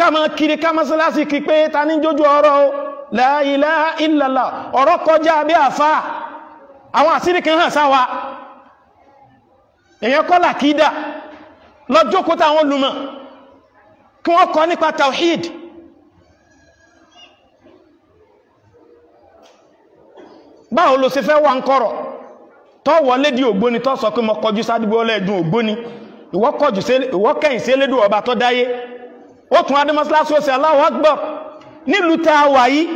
ká máa kiri ká mọ́sálásí kí pé ta ní jójú ọ̀rọ̀ o la ilaha illallah ọ̀rọ̀ kọjá bí àfá àwọn àsírí kan hàn sáwa èyàn kọ́ làkídà lọ́jọ́ kó táwọn olùmọ̀ kí wọ́n kọ́ nípa tawhid báwo ló ṣe fẹ́ wà ń kọ̀rọ̀ tó wọlé di ògbóni tó sọ pé mo kọjú sádúgbò ọlẹ́ẹ̀dùn ògbóni ìwọ́kẹ̀yìn sí elédùn ọba tó dáyé ó tún adémọ́síláṣí ó sì Allahu nílùú tá a wà yìí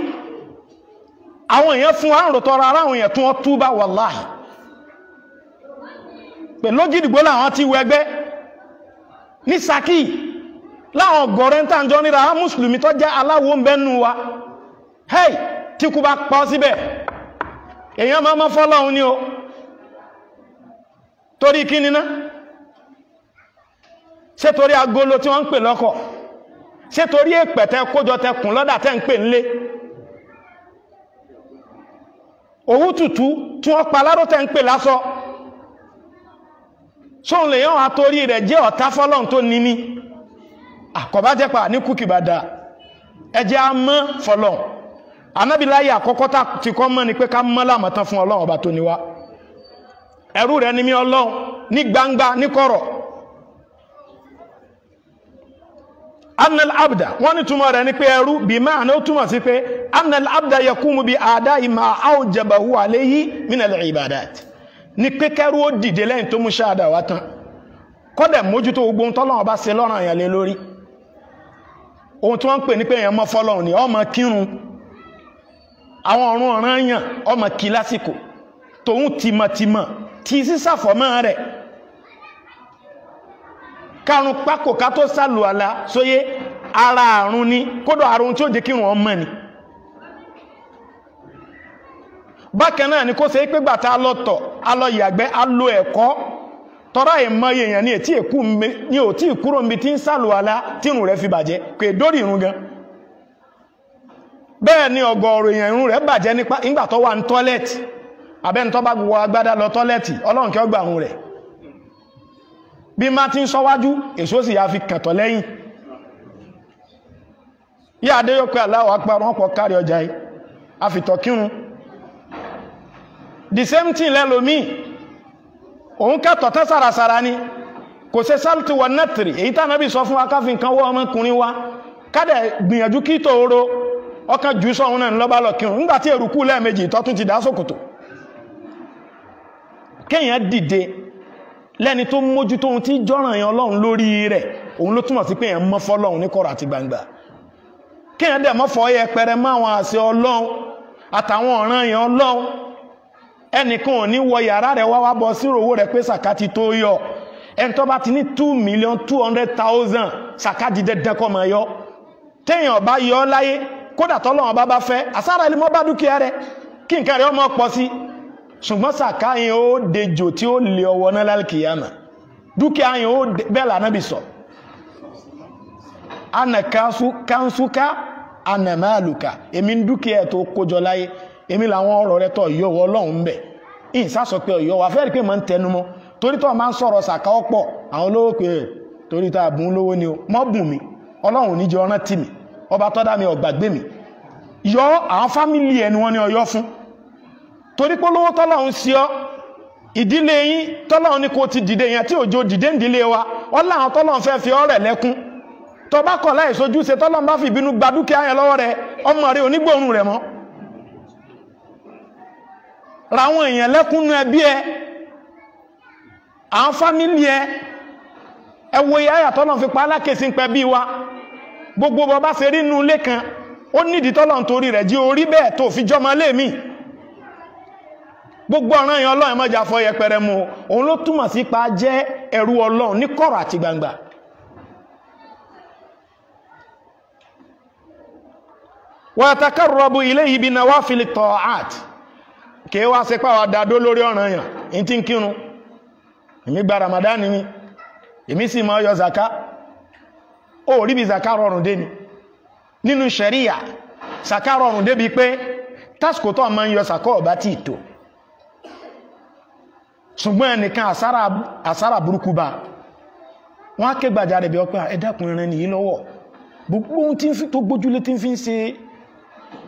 àwọn èèyàn fún wa ń rò tọrọ ara àwọn èèyàn tún wọn túbà wàláhì pẹ̀lú jìdìgbò làwọn ti wọ ẹgbẹ́ ní Ṣakí láwọn ọ̀gọ̀rẹ́ ń tàǹjọ́ níra á mùsùlùmí tó jẹ́ aláwo ń bẹ́nu wa hey tí kú bá pa ọ síbẹ̀ èèyàn máa mọ́ fọ́lọ́hun ni o torí kí níná ṣé torí agolo tí wọ́n ń pè lọ́kọ̀ọ́ ṣé torí èpẹ̀tẹ kójọ tẹkùn lọ́dà tẹ́ ń pè ńlé òwú tútù tí wọ́n pa láró tẹ́ ń pè lásọ sóhun lè yàn àtorí rẹ̀ jẹ́ ọ̀tá fọ́lọ́n tó ní ní àkọ́bá jẹ́ pa ní kúkìbàdà ẹjẹ́ a mọ́ fọ́lọ́n anábìláyé àkọ́kọ́ tí kọ́ mọ́ ni pé ká mọ́ lámọ̀tán fún ọlọ́run ọba tó níwá ẹrú rẹ̀ ni mí ọlọ́run ní gbangba ní kọ̀rọ̀ annal abda wọ́n ní túmọ̀ rẹ̀ ní pé ẹrú bí máa ní ó túmọ̀ sí pé annal abda yakumu bí àdá ìmọ̀ àwùjẹbàwù àléyí minal ibadat ní pé kẹrú ó dìde lẹ́yìn tó mú ṣáàdà wá tán kọ́dẹ̀ mójútó gbogbo tọ́lọ́run ọba ṣe lọ́rùn àyàn lé lórí ohun tí wọ́n ń pè ní pé èèyàn mọ́ fọ́lọ́run ni ọmọ kírun àwọn ọ̀run ọ̀ràn yàn ọmọ kí lásìkò tòun tìmọ̀tìmọ̀ tí sísàfọ́mọ́ rẹ̀ karùn pákò ká tó sàlù àlá sóyé ara àrùn ni kódò àrùn tí ó jẹ́ kírùn ọmọ ni bákan kó pé gbàtà alọ́tọ̀ alọ́yàgbẹ́ alo ẹ̀kọ́ tọ́rọ ìmọ̀ èèyàn ní ètí èkú ní ò tí ìkúrò mi tí ń sàlù àlá tí ìrùn rẹ̀ fi bàjẹ́ bí má ti ń sọ́wájú èso sì yá fi kàtọ̀ lẹ́yìn yí adéyọ́pẹ́ Allahu Akbar wọn kárí ọjà yìí a fi tọ̀ the same thing lẹ́lòmí òun kàtọ̀ tán sàràsàrà ni kò ṣe sáàtì wọ nẹ́tìrì èyí tánàbí sọ fún wa ká fi nǹkan wọ́ ọmọkùnrin wa kádẹ̀ gbìyànjú kí tòóró ọkàn jù sọ́hun náà lọ́bá lọ kírun nígbàtí èrùkú lẹ́ẹ̀mejì ìtọ́tún ti dá sókòtò kéèyàn dìde lẹ́ni tó mójú tóhun tí jọ́ràn yẹn ọlọ́run lórí rẹ̀ òun ló túmọ̀ sí pé èèyàn mọ́ fọ́lọ́run ní kọ̀rọ̀ àti gbangba kéèyàn dẹ̀ mọ́ fọ́ yẹpẹrẹ máwọn àṣẹ ọlọ́run àtàwọn ọ̀ràn yẹn ọlọ́run ẹnìkan ní wọ yàrá rẹ̀ wá bọ́ sírò owó rẹ̀ pé sàkátì tó yọ ẹni tó bá ti ní two million two hundred thousand sàkátì dandan kọ́ máa yọ téèyàn bá yọ láyé kódà tọ́lọ́run bá bá fẹ́ àsárà ilé mọ́ bá dúkìá rẹ̀ kí nǹkan rẹ̀ ọmọ pọ̀ sí i ṣùgbọ́n sàká yẹn ó dejò tí ó lè ọwọ́ náà lálkìyàmà dúkìá yẹn ó bẹ́ẹ̀ lànà bí sọ ana kánṣúká ana máàlùkà èmi ń dúkìá ẹ̀ tó kójọ láyé èmi làwọn ọ̀rọ̀ rẹ tọ̀ yọ̀wọ́ ọlọ́run bẹ̀ ìyìn sásọ pé ọ̀yọ́ wà fẹ́ẹ̀rí pé mọ̀ ń tẹnu mọ́ torí tó máa ń sọ̀rọ̀ sàká ọ̀pọ̀ àwọn olówó pé eh, torí tá a bùn lówó ni o mọ́ bùn mi ọlọ́run níjẹ́ ọ̀rán tì ọba tọ́dá mi ọ̀gbàgbé mi yọ àwọn fámìlì ẹni wọn ni ọyọ́ fún torí pé lówó tọ́lọ́run sí ọ ìdílé yín tọ́lọ́run ní kò ti dìde yẹn tí òjò dìde ń dìlé wa wọ́n láwọn tọ́lọ́run fẹ́ fi ọ̀rẹ́ lẹ́kún tọba kọ̀ láì sojú ṣe tọ́lọ́run bá fi ìbínú gba dúkìá yẹn lọ́wọ́ rẹ ọmọ rẹ onígbòrun rẹ mọ́ ràwọn èèyàn lẹ́kúnnú ẹbí ẹ àwọn fámílì ẹ ẹ wo ìyáyà fi pa alákèsí pẹ́ bí wa gbogbo bọ́ bá ṣe rí inú ilé kan ó nídìí tọ́lọ́run torí rẹ̀ jí orí bẹ́ẹ̀ tó fi jọmọ lé mi gbogbo ọ̀ràn yẹn ọlọ́run mọ́jà fọ́ yẹpẹrẹ mu òun ló túmọ̀ sí pa jẹ́ ẹrú ọlọ́run ní kọ̀rọ̀ àti gbangba wa yataqarrabu ilayhi bi nawafil ta'at kí wá sí pàwà dàdó lórí ọ̀ràn yẹn ní tí ń kírun èmi gba Ramadan ni èmi sì máa yọ zaka ó rí bí zaka rọrùn dé ni nínú ṣẹ̀ríyà zaka rọrùn débi pé tásìkò tó máa ń yọ zaka ọ̀bá tí ì tó ṣùgbọ́n ẹnìkan àsára burúkú bá wọ́n á ké gbàjarè bí ọpẹ́ ẹ̀dẹ́kùnrin nìyí lọ́wọ́ gbogbo ohun tó gbójúlé tí ń fi ń ṣe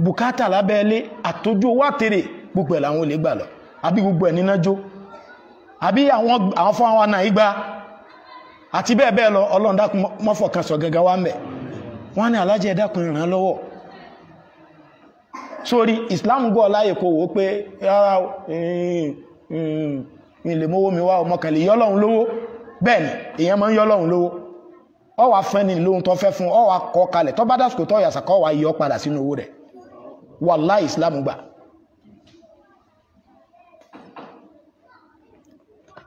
bùkátà lábẹ́lé àtójú owó àtèrè gbogbo ẹ̀ làwọn olè gbà lọ àbí gbogbo ẹ̀ níná jó àbí àwọn fún àwọn àna igba àti bẹ́ẹ̀ bẹ́ẹ̀ lọ ọlọ́run dákun mọ́fọ̀ kan sọ gẹ́gẹ́ wá mẹ́ wọ́n ní alájẹ́ ẹ̀dẹ́kùnrin ràn lọ́wọ́ sórí Islam gọ́ láyè kó wò pé mi lè mówó mi wá ọmọkànlè yọ́lọ́run lówó bẹ́ẹ̀ ni èèyàn máa ń yọ́lọ́run lówó ọ wà fẹ́ ni lóhun tó fẹ́ fún ọ wà kọ́ kalẹ̀ tó bá dásìkò tó yàsà kọ́ wà yọ padà sínú owó rẹ̀ wàláì islam gbà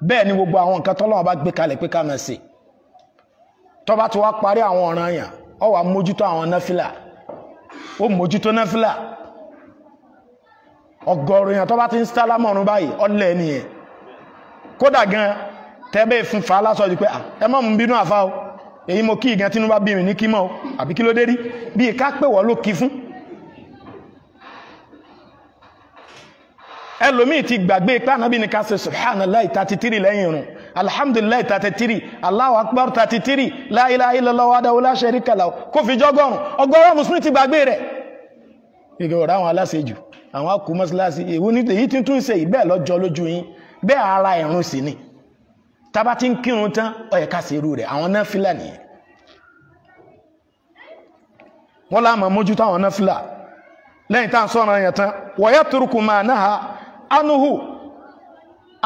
bẹ́ẹ̀ ni gbogbo àwọn nǹkan tọ́lọ́wọ́n bá gbé kalẹ̀ pé ká máa ṣe tó bá ti wá parí àwọn ọ̀ràn yàn ọ wà mójútó àwọn náfìlà ó mójútó náfìlà ọgọ́rùn-ún tó bá ti ń sálámọ̀rún báyìí ọlẹ́ nìyẹn kódà gan tẹ́bẹ̀ fún fa lásọ̀jú pé ah, ẹ mọ́ mú bínú àfá o èyí mo kí ìgan tínú bá bí mi ní kí mọ́ o àbí kí ló dé rí bí ká pè wọ́ ló kí fún ẹlòmíì ti gbàgbé ipá náà bí ká ṣe subhanallah thirty three lẹ́yìn irun alhamdulillah thirty three allahu akbar thirty three la ilaha illallah wahdahu la sharika lahu kó fi jọ́gọ́rùn ọgọ́rùn mùsùlùmí ti gbàgbé rẹ̀ ìgbẹ̀rọ̀ àwọn aláṣejù àwọn akú mọ́síláṣí èyí tí tún ṣe ìbẹ́ẹ̀ lọ́jọ́ lójú yín bẹ́ẹ̀ ara ẹ̀rùn sì ni tába ti ń kírun tán ó yẹ ká ṣe irú rẹ̀ àwọn náfìlà nìyẹn wọ́n láàmú mójútó àwọn náfìlà lẹ́yìn tá à ń sọ̀rọ̀ yẹn tán wọ̀yẹ́ turukù máa náà anuhu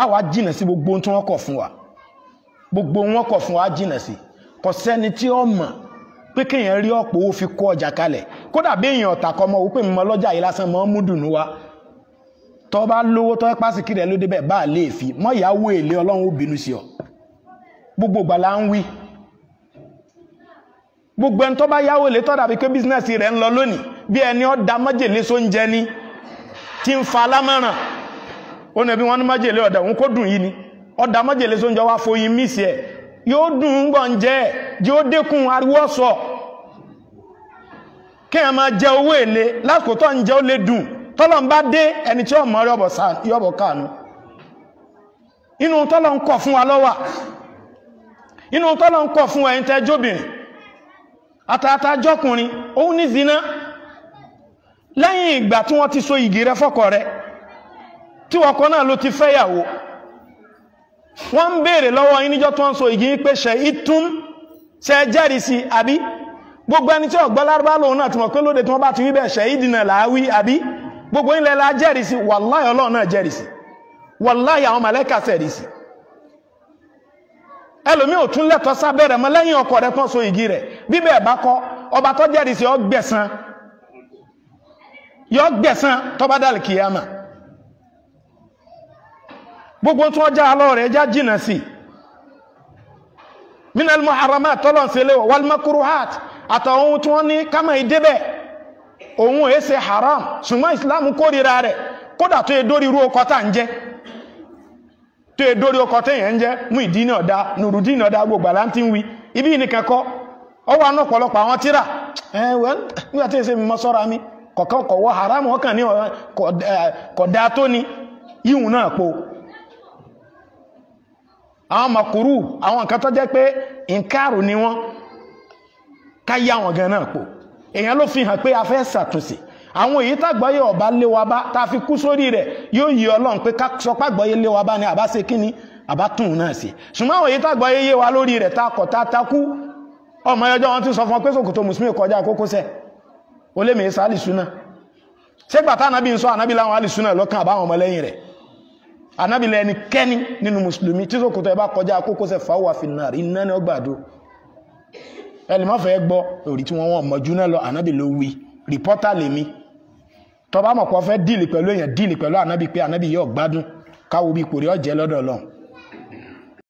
àwa jìnà sí gbogbo tí wọ́n kọ̀ fún wa gbogbo wọn kọ̀ fún wa jìnà sí kò sẹ́ni tí ó mọ̀ pé kéèyàn rí ọ̀pọ̀ ó fi kó ọjà kalẹ̀ kódà bí èèyàn ọ̀tà kọ́ mọ́ wípé mọ́ lọ́jà yìí lásán mọ́ múdùnú wa tọbaa lówó tó pàṣíkì rẹ̀ ló débẹ̀ bá lè fi mọ́ ìyàwó èlé ọlọ́run sí ọ gbogbo ìgbà ń wí gbogbo ẹni tó yáwó èlé tó dàbí pé bísínẹ́sì rẹ̀ ń lọ lónìí bí ẹni ó da májèlé ni tí ń fa alámọ̀ràn ó ní ẹbí wọn ní májèlé ọ̀dà òun kó dùn yìí ni ó da májèlé sóúnjẹ wá foyín míìsì ẹ̀ yóò tọ́lọ́n bá dé ẹni tí ó mọ̀ yọ́bọ̀ káànú inú tọ́lọ́n kọ̀ fún wa lọ́wà inú tọ́lọ́n kọ̀ fún ẹ̀yin tẹ́ jóbìnrin àtàtà jọkùnrin òun ní zina lẹ́yìn ìgbà tí wọ́n ti so ìgì rẹ fọ́kọ rẹ tí wọ́kọ náà ló ti fẹ́yàwó wọ́n ń béèrè lọ́wọ́ yín níjọ́ tó ń so ìgì pé ṣe ìtún ṣe jẹ́rìí àbí gbogbo ẹni tí ọ̀gbọ́n lòun náà ti mọ̀ pé lóde tí wọ́n bá ti wí bẹ́ẹ̀ ìdìnà làáwí àbí gbogbo ilẹ̀ la jẹ́rìsí wàláyà ọlọ́run náà jẹ́rìsí wàláyà àwọn màlẹ́kà sẹ̀rìsí ẹlòmí ò tún lẹ́tọ́ sábẹ́rẹ̀ mọ́ lẹ́yìn ọkọ rẹ̀ tán so igi rẹ̀ bíbẹ̀ bá kọ́ ọba tó jẹ́rìsí ó gbẹ̀san yọ gbẹ̀san tó kìyàmà gbogbo tó já alọ́ rẹ̀ já jìnà sí minal muharramat tọ́lọ̀ ń sẹlẹ̀ wal makruhat àtàwọn tí wọ́n ní ìdébẹ̀ òun èé se haram ṣùgbọ́n islam kórìíra rẹ̀ kódà tó yẹ dórí irú ọkọ̀ tá ń jẹ́ tó yẹ dórí ọkọ̀ tẹ́yẹ̀ ń jẹ́ mú ìdínà ọ̀dá nùrùdínà ọ̀dá gbogbo àlá tí ń wí ibi nìkan kọ́ ọ wà náà àwọn tíra nígbà tí haram ọkàn ní kọ̀dá tó ni ìhùn makuru àwọn nǹkan tó jẹ́ pé ìǹkàrù ká yá wọn gan náà po èèyàn ló fi hàn pé a fẹ́ ṣàtúnṣe àwọn èyí tàgbọ́yé ọ̀bá lé wa bá ta fi kú sórí rẹ̀ yóò yí ọlọ́run pé ká sọ pàgbọ́yé lé wa bá ní àbá ṣe kíni àbá tún un náà ṣe ṣùgbọ́n àwọn èyí tàgbọ́yé yé wa lórí rẹ̀ ta kọ̀ ta takú ọmọ ẹjọ́ wọn ti sọ fún ọ pé sòkòtò mùsùlùmí kọjá kókósẹ̀ ó lè mèé sáà lìṣúná ṣé gbàtà anábì ń sọ anábì láwọn alìṣúná lọ́kàn àbáwọn ọmọlẹ́yìn rẹ̀ anábì lẹ́nikẹ́ni nínú mùsùlùmí tí sòkòtò ẹ bá kọjá kókósẹ̀ fáwọn àfihàn iná ní ọgbàdo m'a ẹlẹ́mọ̀fẹ́ gbọ́ òrí tí wọ́n wọ́n mọ̀jú náà lọ ànábì ló wí rìpọ́tà lèmi tọba mọ̀ pọ̀ fẹ́ díìlì pẹ̀lú èèyàn díìlì pẹ̀lú ànábì pé ànábì yóò gbádùn káwo bí ipò rí ọ̀jẹ́ lọ́dọ̀ Ọlọ́run